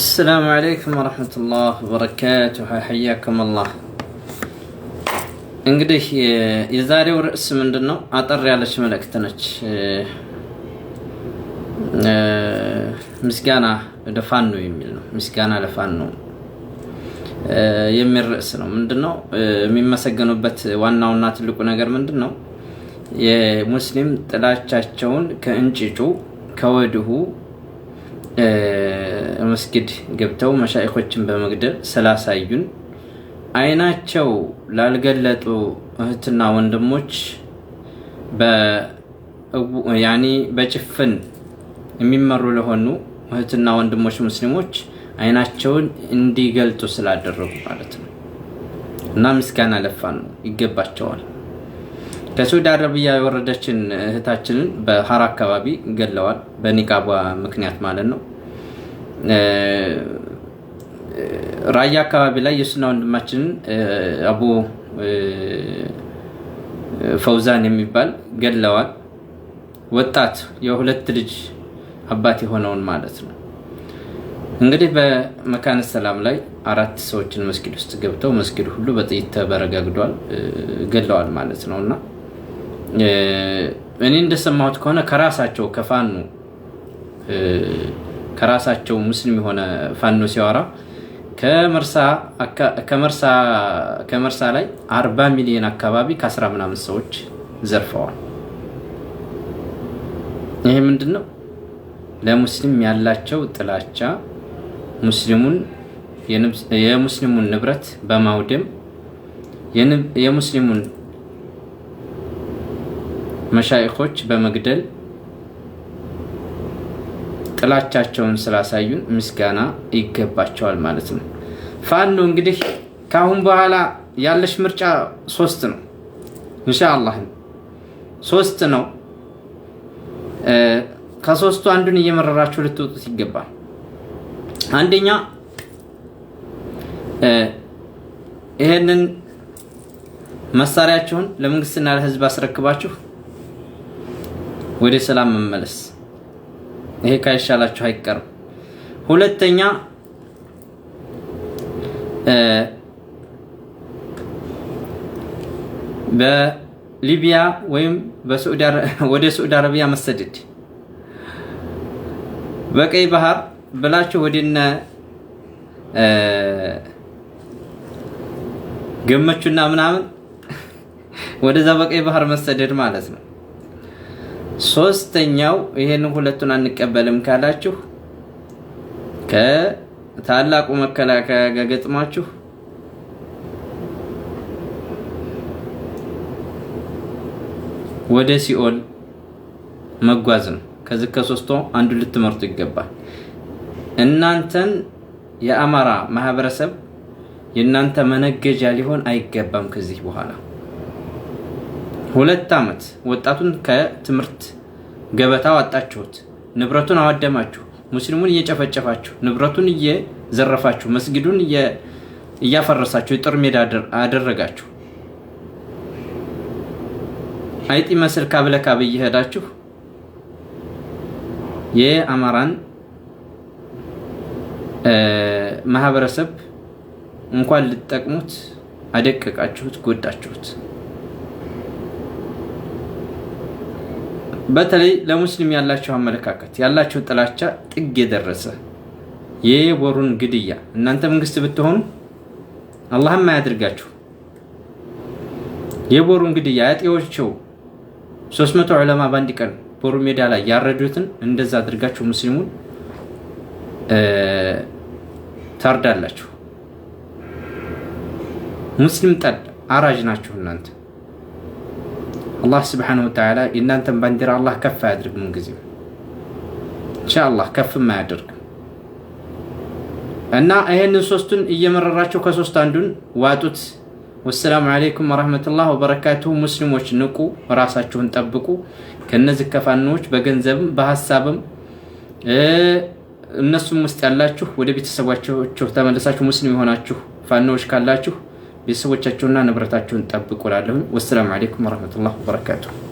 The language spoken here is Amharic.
السلام عليكم ورحمة الله وبركاته حياكم الله እንግዲህ የዛሬው ርዕስ ምንድን ነው? አጠር ያለች መልእክት ነች። ምስጋና ለፋኖ የሚል ነው። ምስጋና ለፋኖ የሚል ርዕስ ነው። ምንድን ነው የሚመሰገኑበት ዋናውና ትልቁ ነገር ምንድን ነው? የሙስሊም ጥላቻቸውን ከእንጭጩ ከወድሁ? መስጊድ ገብተው መሻይኮችን በመግደል ስላሳዩን አይናቸው ላልገለጡ እህትና ወንድሞች በጭፍን የሚመሩ ለሆኑ እህትና ወንድሞች ሙስሊሞች አይናቸውን እንዲገልጡ ስላደረጉ ማለት ነው። እና ምስጋና ለፋ ነው ይገባቸዋል። ከሳውዲ አረቢያ የወረደችን እህታችንን በሀራ አካባቢ ገለዋል፣ በኒቃቧ ምክንያት ማለት ነው። ራያ አካባቢ ላይ የሱና ወንድማችንን አቡ ፈውዛን የሚባል ገለዋል። ወጣት የሁለት ልጅ አባት የሆነውን ማለት ነው። እንግዲህ በመካነ ሰላም ላይ አራት ሰዎችን መስጊድ ውስጥ ገብተው መስጊድ ሁሉ በጥይት ተበረጋግዷል፣ ገለዋል ማለት ነው። እና እኔ እንደሰማሁት ከሆነ ከራሳቸው ከፋኑ ከራሳቸው ሙስሊም የሆነ ፋኖ ሲያወራ ከመርሳ ላይ አርባ ሚሊዮን አካባቢ ከ ከአስራ ምናምን ሰዎች ዘርፈዋል። ይህ ምንድን ነው? ለሙስሊም ያላቸው ጥላቻ ሙስሊሙን የሙስሊሙን ንብረት በማውደም የሙስሊሙን መሻይኮች በመግደል ጥላቻቸውን ስላሳዩን ምስጋና ይገባቸዋል ማለት ነው። ፋኖ እንግዲህ ከአሁን በኋላ ያለሽ ምርጫ ሶስት ነው። ኢንሻአላህ ሶስት ነው። ከሶስቱ አንዱን እየመረራችሁ ልትወጡት ይገባል። አንደኛ ይህንን መሳሪያችሁን ለመንግስትና ለህዝብ አስረክባችሁ ወደ ሰላም መመለስ ይሄ ካይሻላችሁ አይቀርም። ሁለተኛ በሊቢያ ወይም ወደ ሳዑዲ አረቢያ መሰደድ በቀይ ባህር ብላችሁ ወደነ ገመቹና ምናምን ወደዛ በቀይ ባህር መሰደድ ማለት ነው። ሶስተኛው ይሄን ሁለቱን አንቀበልም ካላችሁ ከታላቁ መከላከያ ጋር ገጥማችሁ ወደ ሲኦል መጓዝ ነው። ከዚህ ከሶስቱ አንዱ ልትመርጡ ይገባል። እናንተን የአማራ ማህበረሰብ የእናንተ መነገጃ ሊሆን አይገባም ከዚህ በኋላ ሁለት ዓመት ወጣቱን ከትምህርት ገበታ አወጣችሁት፣ ንብረቱን አዋደማችሁ ሙስሊሙን እየጨፈጨፋችሁ፣ ንብረቱን እየዘረፋችሁ፣ መስጊዱን እያፈረሳችሁ የጦር ሜዳ አደረጋችሁ። አይጢ መስል ካብለካብ እየሄዳችሁ የአማራን ማህበረሰብ እንኳን ልትጠቅሙት አደቀቃችሁት፣ ጎዳችሁት። በተለይ ለሙስሊም ያላቸው አመለካከት ያላቸው ጥላቻ ጥግ የደረሰ የቦሩን ግድያ እናንተ መንግስት ብትሆኑ አላህም አያድርጋችሁ። የቦሩን ግድያ አያጤዎቸው 300 ዑለማ በአንድ ቀን ቦሩ ሜዳ ላይ ያረዱትን እንደዛ አድርጋችሁ ሙስሊሙን ታርዳላችሁ። ሙስሊም ጠል አራጅ ናችሁ እናንተ። አላህ ስብሓነሁ ወተዓላ የእናንተን ባንዲራ አላህ ከፍ አያድርግም። ጊዜ ኢንሻአላህ ከፍም አያደርግም እና ይህንን ሶስቱን እየመረራቸው ከሶስት አንዱን ዋጡት። ወሰላሙ አለይኩም ወረህመቱላህ ወበረካቱሁ። ሙስሊሞች ንቁ፣ ራሳችሁን ጠብቁ። ከነዚህ ከፋኖች በገንዘብም በሀሳብም እነሱም ውስጥ ያላችሁ ወደ ቤተሰባችሁ ተመለሳችሁ ሙስሊም የሆናችሁ ፋኖዎች ካላችሁ ቤተሰቦቻችሁና ንብረታችሁን ጠብቁ እላለሁ። ወሰላሙ አሌይኩም ወረህመቱላህ ወበረካቱ።